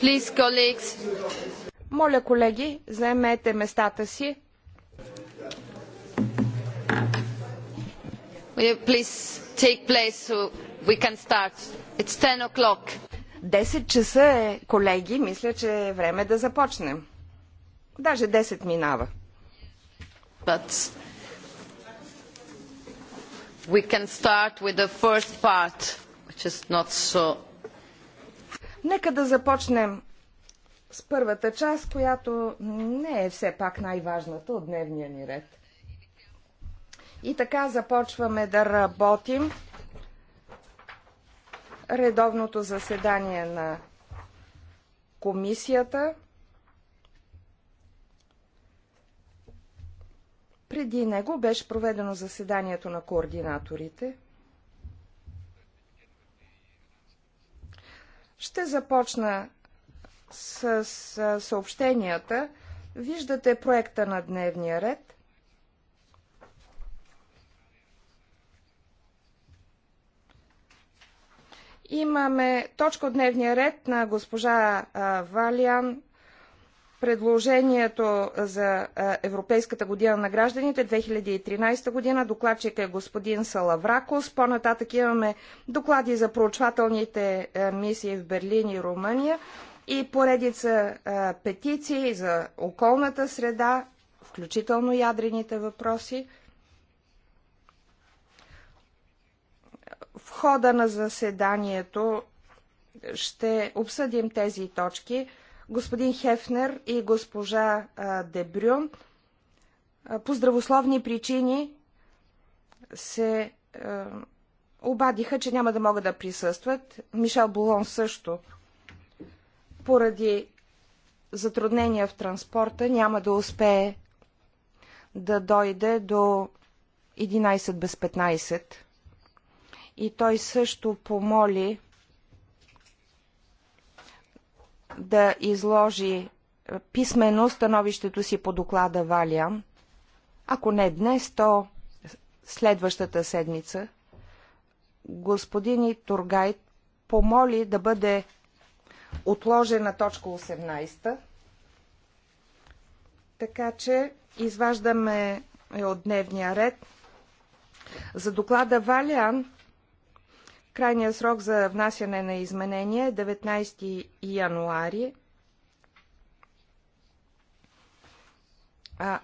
Please, colleagues. Моля, колеги, заемете местата си. Please take place so we can start. It's 10 o'clock. 10 часа е, колеги. Мисля, че е време да започнем. Даже 10 минава. But we can start with the first part, which is not so Нека да започнем с първата част, която не е все пак най-важната от дневния ни ред. И така започваме да работим редовното заседание на комисията. Преди него беше проведено заседанието на координаторите – Ще започна с, с съобщенията. Виждате проекта на дневния ред. Имаме точка от дневния ред на госпожа а, Валиан предложението за Европейската година на гражданите 2013 година. Докладчик е господин Салавракос. По-нататък имаме доклади за проучвателните мисии в Берлин и Румъния и поредица петиции за околната среда, включително ядрените въпроси. В хода на заседанието ще обсъдим тези точки – господин Хефнер и госпожа Дебрюн по здравословни причини се обадиха, че няма да могат да присъстват. Мишел Болон също поради затруднения в транспорта няма да успее да дойде до 11 без 15. И той също помоли да изложи е, писмено становището си по доклада Валя. Ако не днес, то следващата седмица. Господин Тургайт помоли да бъде отложена точка 18. Така че изваждаме от дневния ред. За доклада Валиан Крайният срок за внасяне на изменения е 19 януари. А,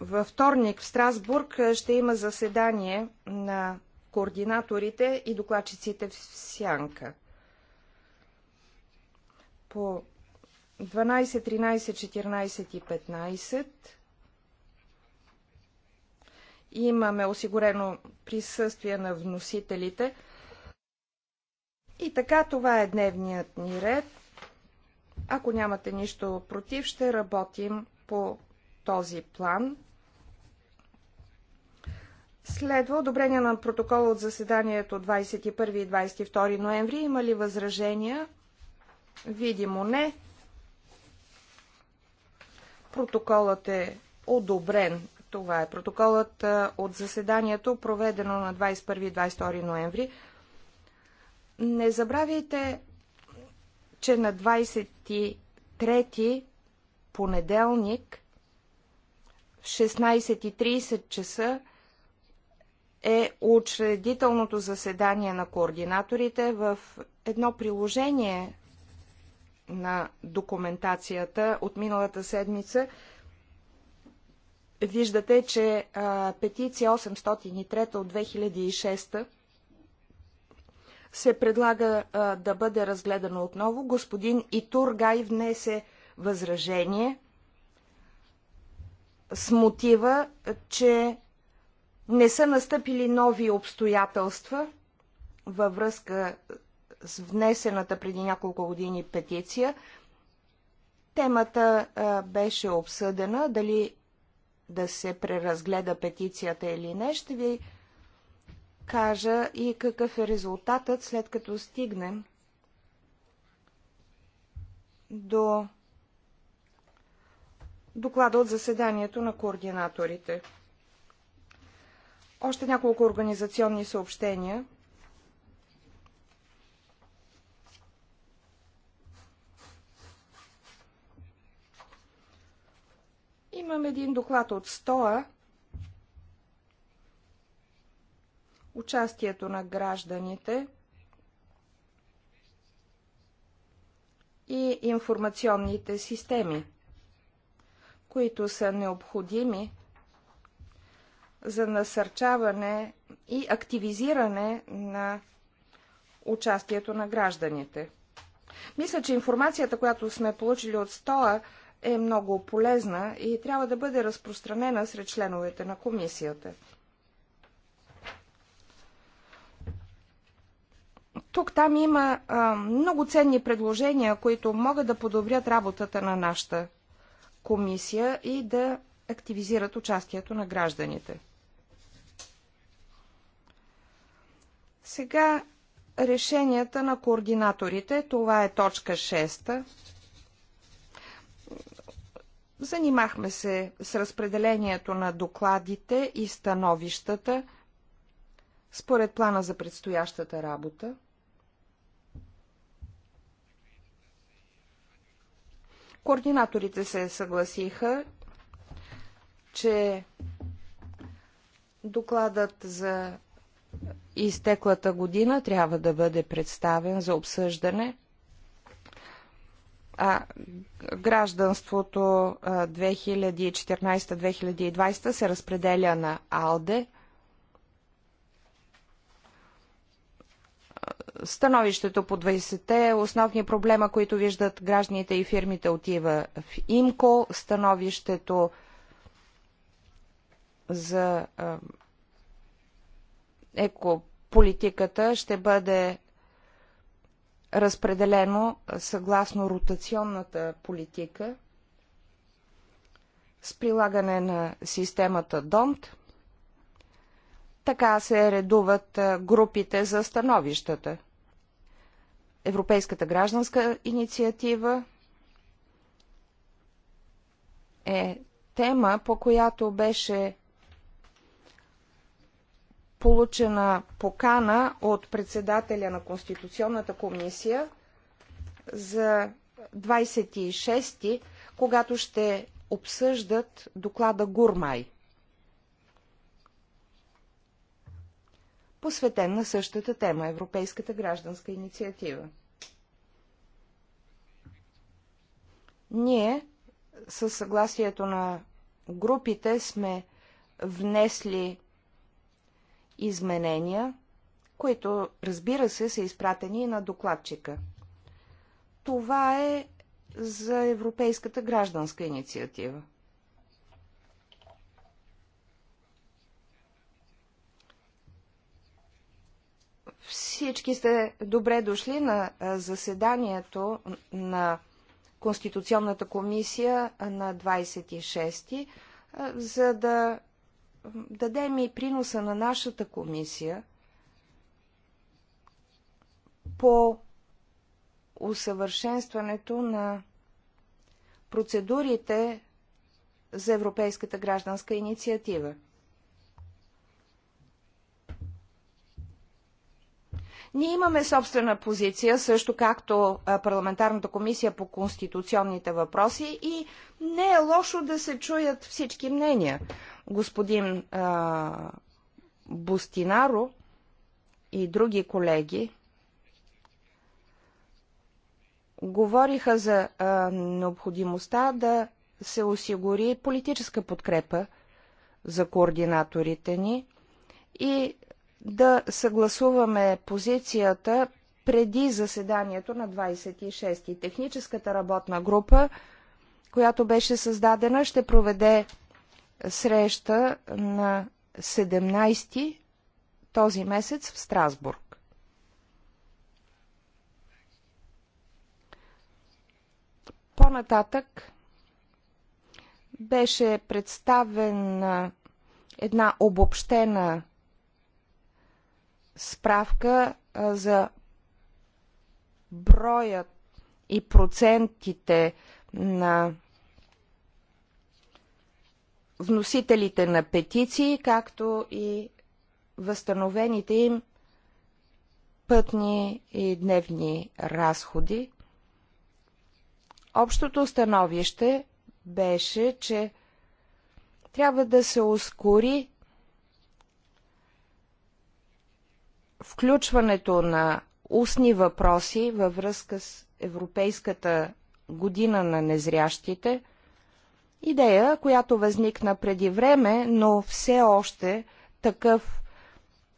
във вторник в Страсбург ще има заседание на координаторите и докладчиците в Сянка. По 12, 13, 14 и 15 имаме осигурено присъствие на вносителите. И така, това е дневният ни ред. Ако нямате нищо против, ще работим по този план. Следва одобрение на протокола от заседанието 21 и 22 ноември. Има ли възражения? Видимо не. Протоколът е одобрен това е протоколът от заседанието, проведено на 21 22 ноември. Не забравяйте, че на 23 понеделник в 16.30 часа е учредителното заседание на координаторите в едно приложение на документацията от миналата седмица виждате, че а, петиция 803 от 2006 се предлага а, да бъде разгледана отново. Господин Итургай внесе възражение с мотива, че не са настъпили нови обстоятелства във връзка с внесената преди няколко години петиция. Темата а, беше обсъдена дали да се преразгледа петицията или не, ще ви кажа и какъв е резултатът, след като стигнем до доклада от заседанието на координаторите. Още няколко организационни съобщения – Имам един доклад от СТОА. Участието на гражданите и информационните системи, които са необходими за насърчаване и активизиране на участието на гражданите. Мисля, че информацията, която сме получили от СТОА, е много полезна и трябва да бъде разпространена сред членовете на комисията. Тук там има а, много ценни предложения, които могат да подобрят работата на нашата комисия и да активизират участието на гражданите. Сега решенията на координаторите, това е точка 6. Занимахме се с разпределението на докладите и становищата според плана за предстоящата работа. Координаторите се съгласиха, че докладът за изтеклата година трябва да бъде представен за обсъждане – гражданството 2014-2020 се разпределя на АЛДЕ. Становището по 20-те е основни проблема, които виждат гражданите и фирмите, отива в ИМКО. Становището за екополитиката ще бъде разпределено съгласно ротационната политика с прилагане на системата Донт, Така се редуват групите за становищата. Европейската гражданска инициатива е тема, по която беше получена покана от председателя на Конституционната комисия за 26-ти, когато ще обсъждат доклада Гурмай, посветен на същата тема – Европейската гражданска инициатива. Ние, със съгласието на групите, сме внесли изменения, които, разбира се, са изпратени на докладчика. Това е за Европейската гражданска инициатива. Всички сте добре дошли на заседанието на Конституционната комисия на 26 за да дадем и приноса на нашата комисия по усъвършенстването на процедурите за Европейската гражданска инициатива. Ние имаме собствена позиция, също както парламентарната комисия по конституционните въпроси и не е лошо да се чуят всички мнения господин а, Бустинаро и други колеги говориха за а, необходимостта да се осигури политическа подкрепа за координаторите ни и да съгласуваме позицията преди заседанието на 26. Техническата работна група, която беше създадена, ще проведе среща на 17 този месец в Страсбург. По-нататък беше представена една обобщена справка за броят и процентите на вносителите на петиции, както и възстановените им пътни и дневни разходи. Общото становище беше, че трябва да се ускори включването на устни въпроси във връзка с Европейската година на незрящите – Идея, която възникна преди време, но все още такъв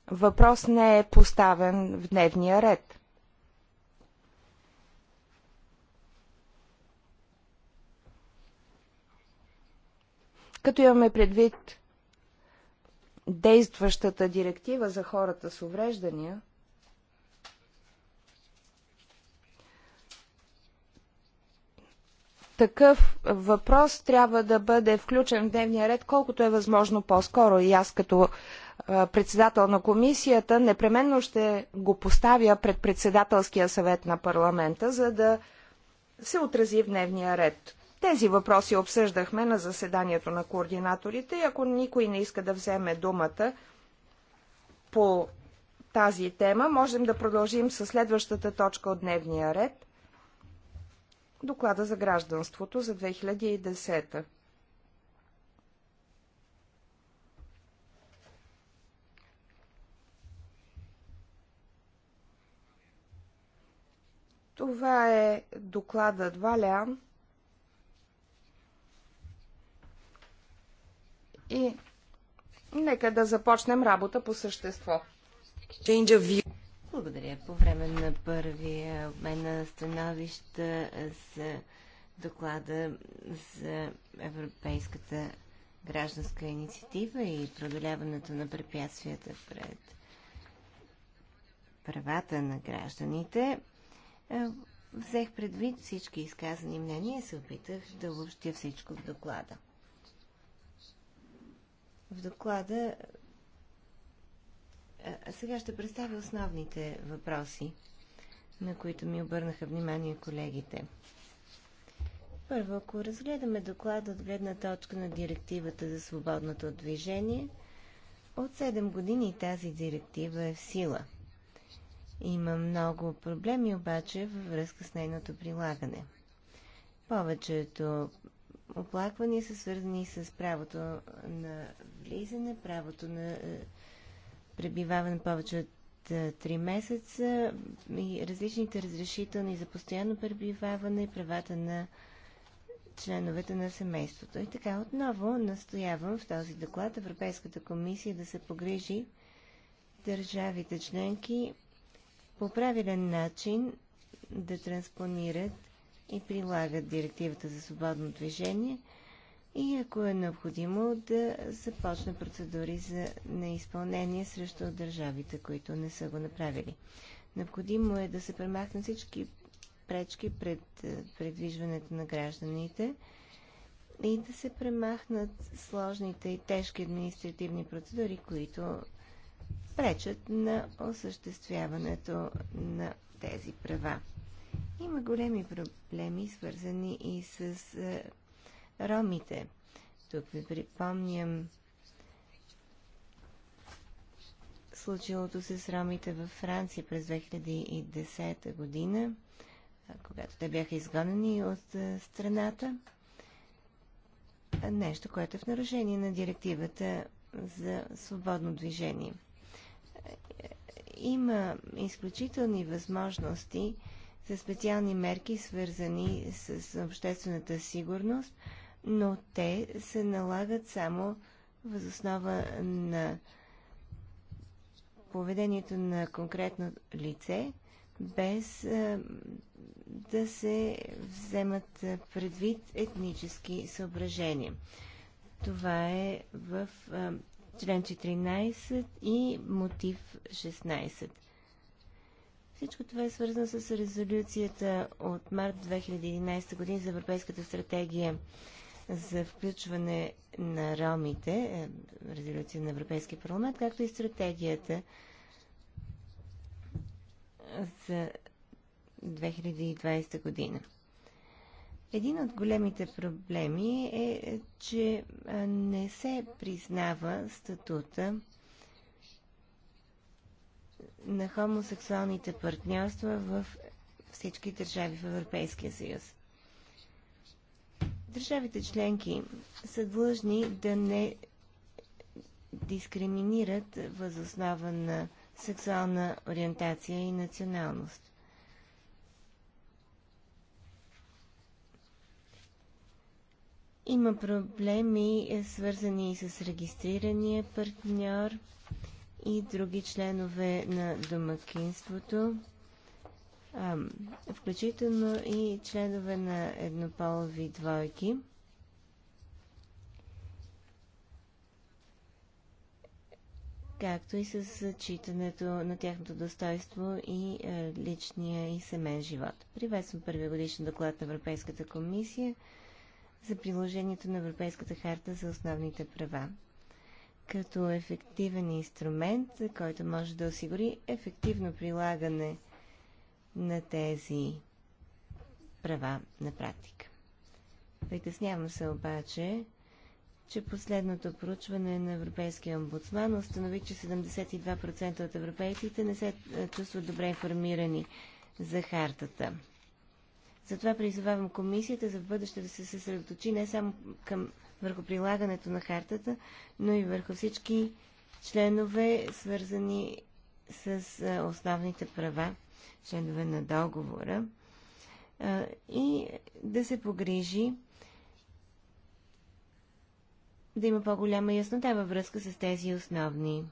въпрос не е поставен в дневния ред. Като имаме предвид действащата директива за хората с увреждания, такъв въпрос трябва да бъде включен в дневния ред колкото е възможно по-скоро. И аз като председател на комисията непременно ще го поставя пред председателския съвет на парламента, за да се отрази в дневния ред. Тези въпроси обсъждахме на заседанието на координаторите и ако никой не иска да вземе думата по тази тема, можем да продължим с следващата точка от дневния ред – доклада за гражданството за 2010. Това е докладът Валян и нека да започнем работа по същество. Благодаря. По време на първия обмен на становища за доклада за Европейската гражданска инициатива и продоляването на препятствията пред правата на гражданите, е, взех предвид всички изказани мнения и се опитах да обобщя всичко в доклада. В доклада сега ще представя основните въпроси, на които ми обърнаха внимание колегите. Първо, ако разгледаме доклада от гледна точка на директивата за свободното движение, от 7 години тази директива е в сила. Има много проблеми обаче във връзка с нейното прилагане. Повечето оплаквания са свързани с правото на влизане, правото на е, пребиваване повече от 3 месеца и различните разрешителни за постоянно пребиваване и правата на членовете на семейството. И така отново настоявам в този доклад Европейската комисия да се погрижи държавите членки по правилен начин да транспонират и прилагат директивата за свободно движение – и ако е необходимо да започне процедури за неизпълнение срещу държавите, които не са го направили. Необходимо е да се премахнат всички пречки пред е, предвижването на гражданите и да се премахнат сложните и тежки административни процедури, които пречат на осъществяването на тези права. Има големи проблеми, свързани и с е, ромите. Тук ви припомням случилото се с ромите във Франция през 2010 година, когато те бяха изгонени от страната. Нещо, което е в нарушение на директивата за свободно движение. Има изключителни възможности за специални мерки, свързани с обществената сигурност – но те се налагат само възоснова на поведението на конкретно лице, без да се вземат предвид етнически съображения. Това е в член 14 и мотив 16. Всичко това е свързано с резолюцията от март 2011 година за Европейската стратегия за включване на ромите, е, резолюция на Европейския парламент, както и стратегията за 2020 година. Един от големите проблеми е, е че не се признава статута на хомосексуалните партньорства в всички държави в Европейския съюз. Държавите членки са длъжни да не дискриминират възоснова на сексуална ориентация и националност. Има проблеми, е, свързани и с регистрирания партньор и други членове на домакинството включително и членове на еднополови двойки. както и с зачитането на тяхното достоинство и е, личния и семен живот. Приветствам първия годишен доклад на Европейската комисия за приложението на Европейската харта за основните права като ефективен инструмент, който може да осигури ефективно прилагане – на тези права на практика. Притеснявам се обаче, че последното проучване на Европейския омбудсман установи, че 72% от европейците не се е, чувстват добре информирани за хартата. Затова призовавам комисията за бъдеще да се съсредоточи не само към, върху прилагането на хартата, но и върху всички членове, свързани с е, основните права членове на договора и да се погрижи да има по-голяма яснота във връзка с тези основни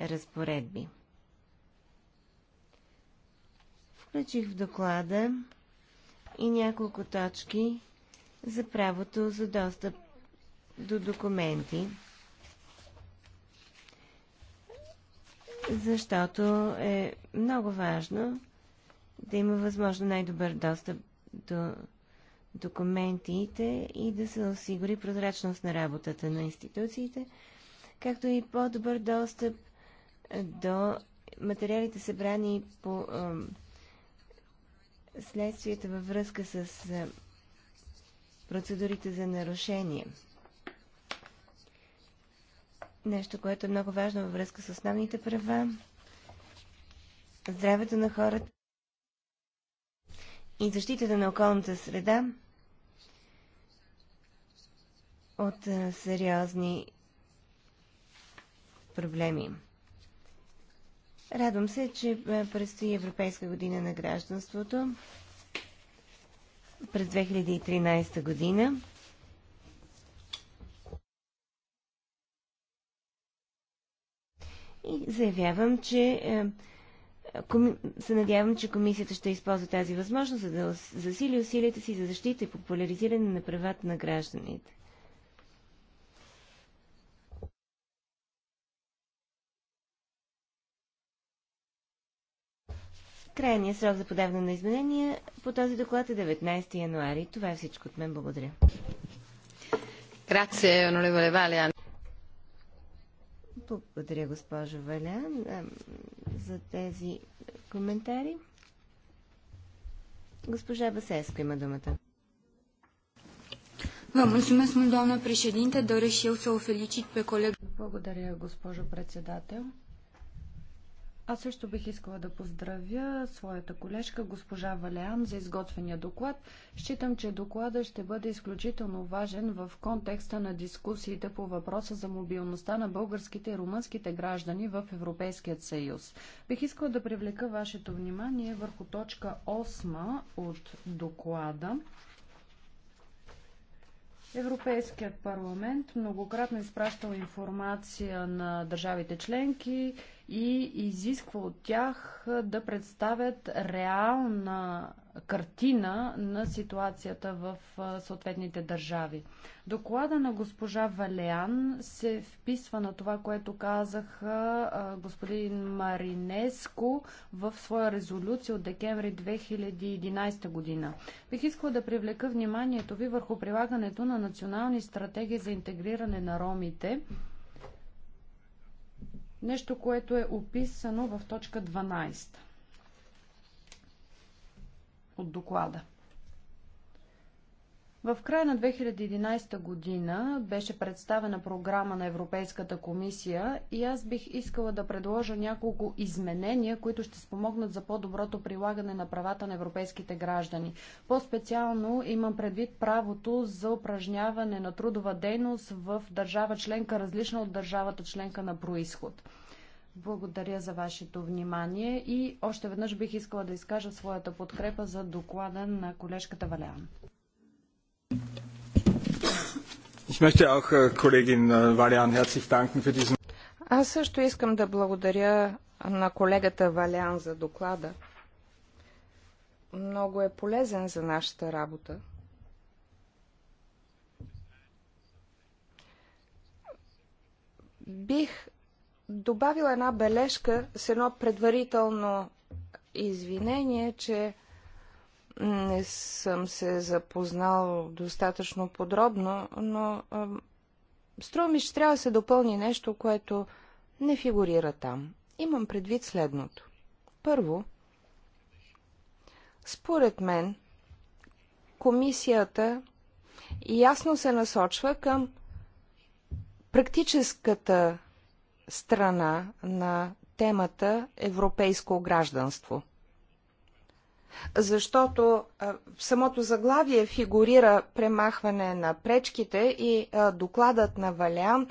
разпоредби. Включих в доклада и няколко точки за правото за достъп до документи защото е много важно да има възможно най-добър достъп до документите и да се осигури прозрачност на работата на институциите, както и по-добър достъп до материалите събрани по следствията във връзка с процедурите за нарушение нещо, което е много важно във връзка с основните права, здравето на хората и защитата на околната среда от сериозни проблеми. Радвам се, че предстои Европейска година на гражданството през 2013 година. И заявявам, че е, се надявам, че комисията ще използва тази възможност, за да засили усилията си за защита и популяризиране на правата на гражданите. Крайният срок за подаване на изменения по този доклад е 19 януари. Това е всичко от мен. Благодаря. Grazie, onorevole Vale. Благодаря, госпожо Валян, за тези коментари. Госпожа Басеско има думата. Vă mulțumesc doamnă președinte. Doresc și eu să o felicit pe Благодаря, госпожо председател. Аз също бих искала да поздравя своята колежка госпожа Валеан за изготвения доклад. Считам, че доклада ще бъде изключително важен в контекста на дискусиите по въпроса за мобилността на българските и румънските граждани в Европейският съюз. Бих искала да привлека вашето внимание върху точка 8 от доклада. Европейският парламент многократно е изпращал информация на държавите членки и изисква от тях да представят реална картина на ситуацията в съответните държави. Доклада на госпожа Валеан се вписва на това, което казах господин Маринеско в своя резолюция от декември 2011 година. Бих искала да привлека вниманието ви върху прилагането на национални стратегии за интегриране на ромите, нещо, което е описано в точка 12 от доклада. В края на 2011 година беше представена програма на Европейската комисия и аз бих искала да предложа няколко изменения, които ще спомогнат за по-доброто прилагане на правата на европейските граждани. По-специално имам предвид правото за упражняване на трудова дейност в държава членка, различна от държавата членка на происход. Благодаря за вашето внимание и още веднъж бих искала да изкажа своята подкрепа за доклада на колежката Валян. Äh, äh, Аз също искам да благодаря на колегата Валян за доклада. Много е полезен за нашата работа. Бих добавила една бележка с едно предварително извинение, че не съм се запознал достатъчно подробно, но струва ми, че трябва да се допълни нещо, което не фигурира там. Имам предвид следното. Първо, според мен, комисията ясно се насочва към практическата страна на темата европейско гражданство. Защото в самото заглавие фигурира премахване на пречките и докладът на Валян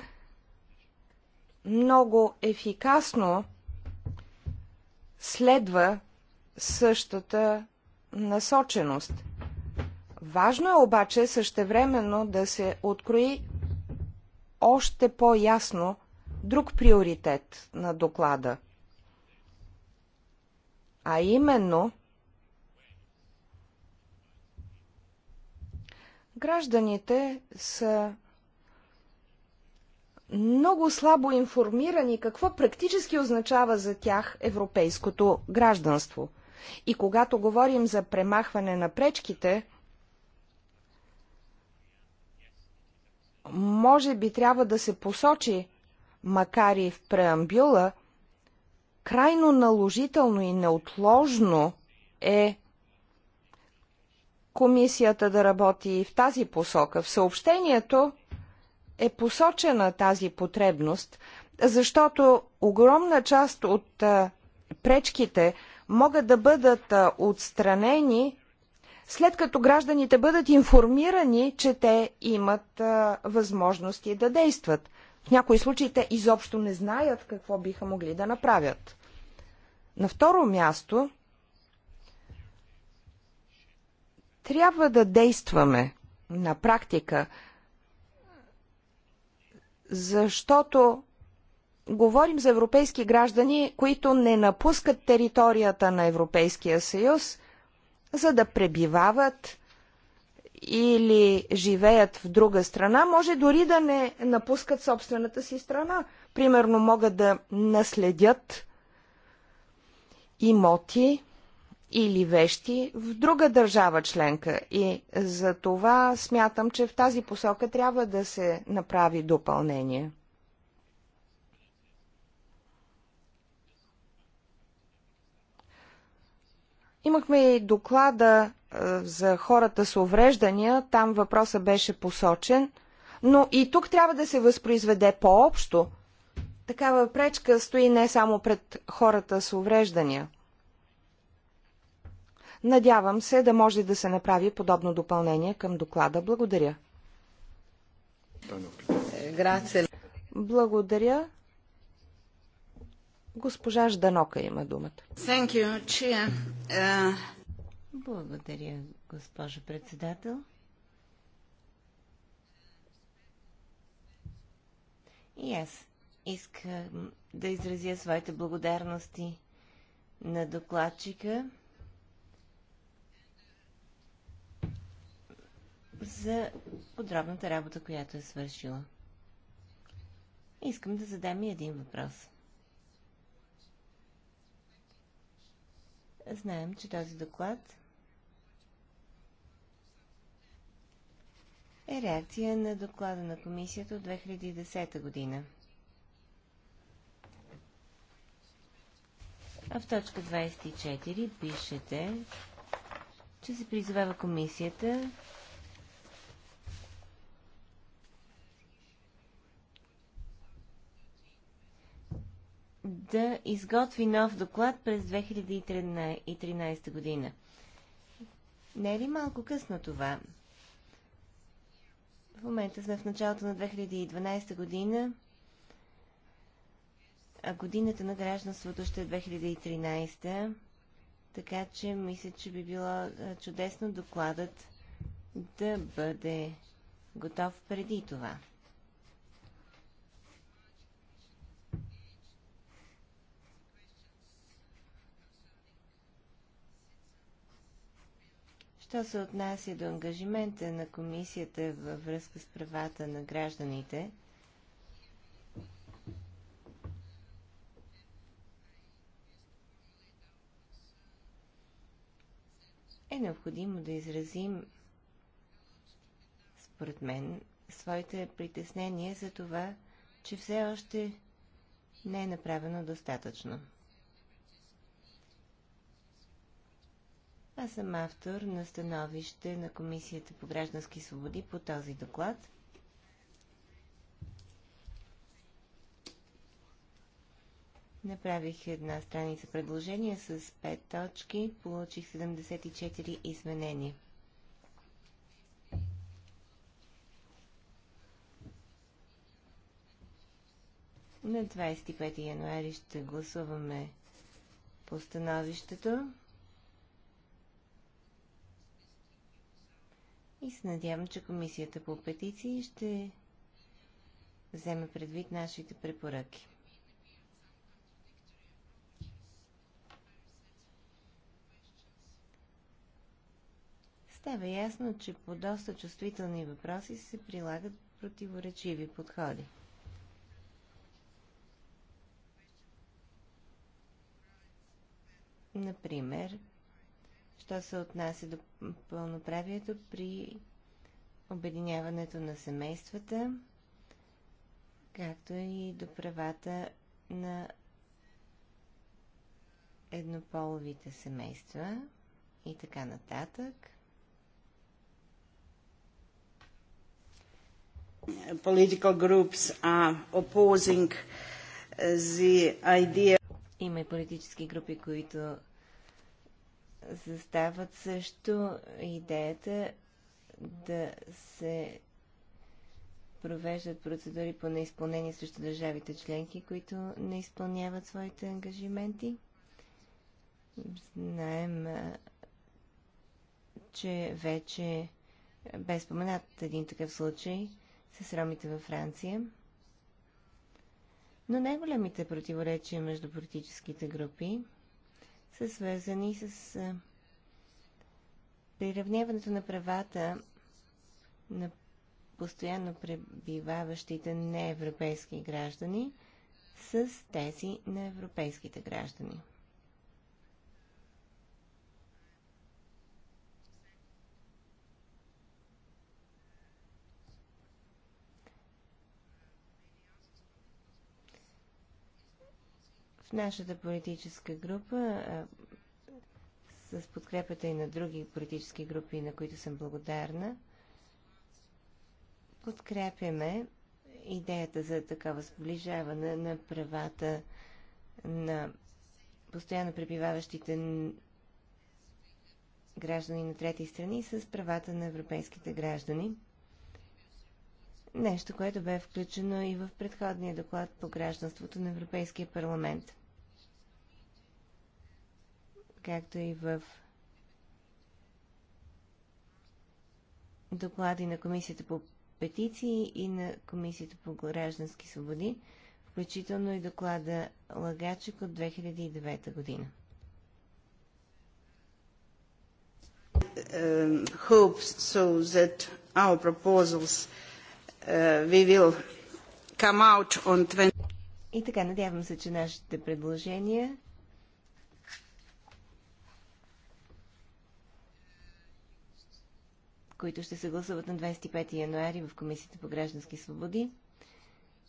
много ефикасно следва същата насоченост. Важно е обаче същевременно да се открои още по-ясно друг приоритет на доклада, а именно гражданите са много слабо информирани какво практически означава за тях европейското гражданство. И когато говорим за премахване на пречките, може би трябва да се посочи, макар и в преамбюла, крайно наложително и неотложно е комисията да работи и в тази посока. В съобщението е посочена тази потребност, защото огромна част от пречките могат да бъдат отстранени след като гражданите бъдат информирани, че те имат а, възможности да действат. В някои случаи те изобщо не знаят какво биха могли да направят. На второ място, трябва да действаме на практика, защото говорим за европейски граждани, които не напускат територията на Европейския съюз, за да пребивават или живеят в друга страна, може дори да не напускат собствената си страна. Примерно могат да наследят имоти или вещи в друга държава членка. И за това смятам, че в тази посока трябва да се направи допълнение. Имахме и доклада за хората с увреждания, там въпросът беше посочен, но и тук трябва да се възпроизведе по-общо. Такава пречка стои не само пред хората с увреждания. Надявам се да може да се направи подобно допълнение към доклада. Благодаря. Благодаря. Госпожа Жданока има думата. Благодаря, госпожо председател. И аз искам да изразя своите благодарности на докладчика за подробната работа, която е свършила. Искам да задам и един въпрос. Знаем, че този доклад е реакция на доклада на комисията от 2010 година. А в точка 24 пишете, че се призовава комисията да изготви нов доклад през 2013 година. Не е ли малко късно това? В момента сме в началото на 2012 година, а годината на гражданството ще е 2013. Така че мисля, че би било чудесно докладът да бъде готов преди това. Що се отнася до ангажимента на комисията във връзка с правата на гражданите, е необходимо да изразим, според мен, своите притеснения за това, че все още не е направено достатъчно. Аз съм автор на становище на Комисията по граждански свободи по този доклад. Направих една страница предложения с 5 точки, получих 74 изменения. На 25 януари ще гласуваме постановището. и се надявам, че Комисията по петиции ще вземе предвид нашите препоръки. Става ясно, че по доста чувствителни въпроси се прилагат противоречиви подходи. Например, що се отнася до пълноправието при обединяването на семействата, както и до правата на еднополовите семейства и така нататък. Political groups are opposing uh, the idea. Има и политически групи, които застават също идеята да се провеждат процедури по неизпълнение срещу държавите членки, които не изпълняват своите ангажименти. Знаем, че вече бе споменат един такъв случай с ромите във Франция. Но най-големите противоречия между политическите групи са свързани с приравняването на правата на постоянно пребиваващите неевропейски граждани с тези на европейските граждани. В нашата политическа група, с подкрепата и на други политически групи, на които съм благодарна, подкрепяме идеята за такова сближаване на правата на постоянно пребиваващите граждани на трети страни с правата на европейските граждани нещо, което бе включено и в предходния доклад по гражданството на Европейския парламент, както и в доклади на Комисията по петиции и на Комисията по граждански свободи, включително и доклада Лагачик от 2009 година. Uh, Uh, и така, надявам се, че нашите предложения които ще се гласуват на 25 януари в Комисията по граждански свободи,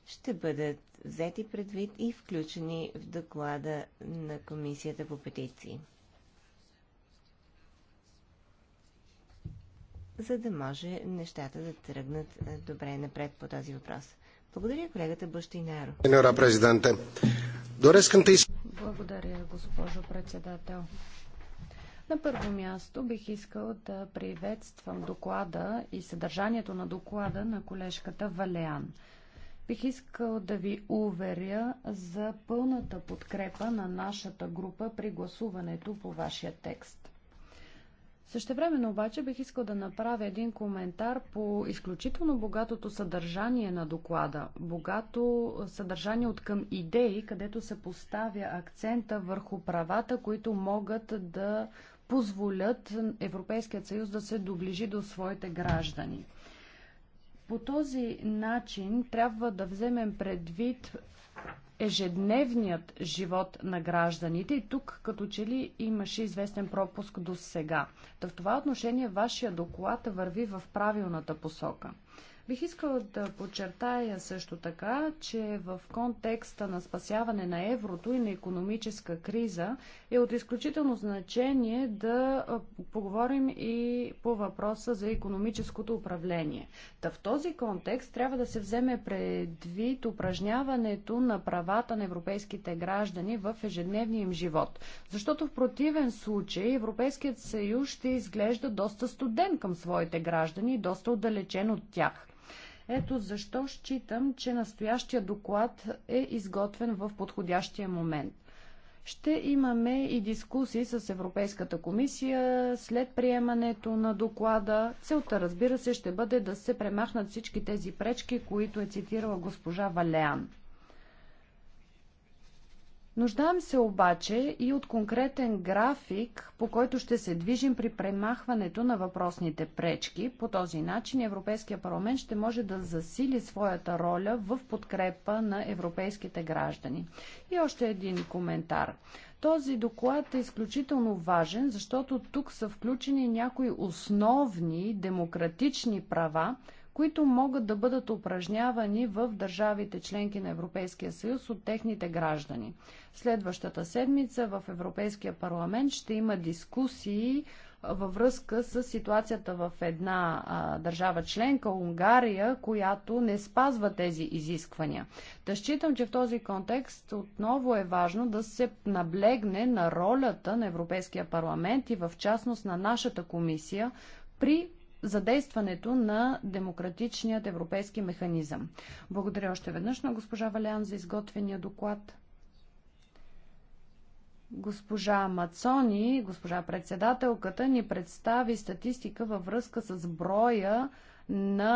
ще бъдат взети предвид и включени в доклада на Комисията по петиции. за да може нещата да тръгнат е, добре напред по този въпрос. Благодаря, колегата Бащинаро. Благодаря, госпожо председател. На първо място бих искал да приветствам доклада и съдържанието на доклада на колежката Валеан. Бих искал да ви уверя за пълната подкрепа на нашата група при гласуването по вашия текст. Същевременно обаче бих искал да направя един коментар по изключително богатото съдържание на доклада. Богато съдържание от към идеи, където се поставя акцента върху правата, които могат да позволят Европейският съюз да се доближи до своите граждани. По този начин трябва да вземем предвид ежедневният живот на гражданите и тук като че ли имаше известен пропуск до сега. Та в това отношение вашия доклад върви в правилната посока – Бих искала да подчертая също така, че в контекста на спасяване на еврото и на економическа криза е от изключително значение да поговорим и по въпроса за економическото управление. Та в този контекст трябва да се вземе предвид упражняването на правата на европейските граждани в ежедневния им живот. Защото в противен случай Европейският съюз ще изглежда доста студен към своите граждани и доста отдалечен от тях. Ето защо считам, че настоящия доклад е изготвен в подходящия момент. Ще имаме и дискусии с Европейската комисия след приемането на доклада. Целта, разбира се, ще бъде да се премахнат всички тези пречки, които е цитирала госпожа Валеан. Нуждаем се обаче и от конкретен график, по който ще се движим при премахването на въпросните пречки. По този начин Европейския парламент ще може да засили своята роля в подкрепа на европейските граждани. И още един коментар. Този доклад е изключително важен, защото тук са включени някои основни демократични права, които могат да бъдат упражнявани в държавите членки на Европейския съюз от техните граждани. Следващата седмица в Европейския парламент ще има дискусии във връзка с ситуацията в една а, държава членка, Унгария, която не спазва тези изисквания. Та считам, че в този контекст отново е важно да се наблегне на ролята на Европейския парламент и в частност на нашата комисия при задействането на демократичният европейски механизъм. Благодаря още веднъж на госпожа Валян за изготвения доклад. Госпожа Мацони, госпожа председателката, ни представи статистика във връзка с броя на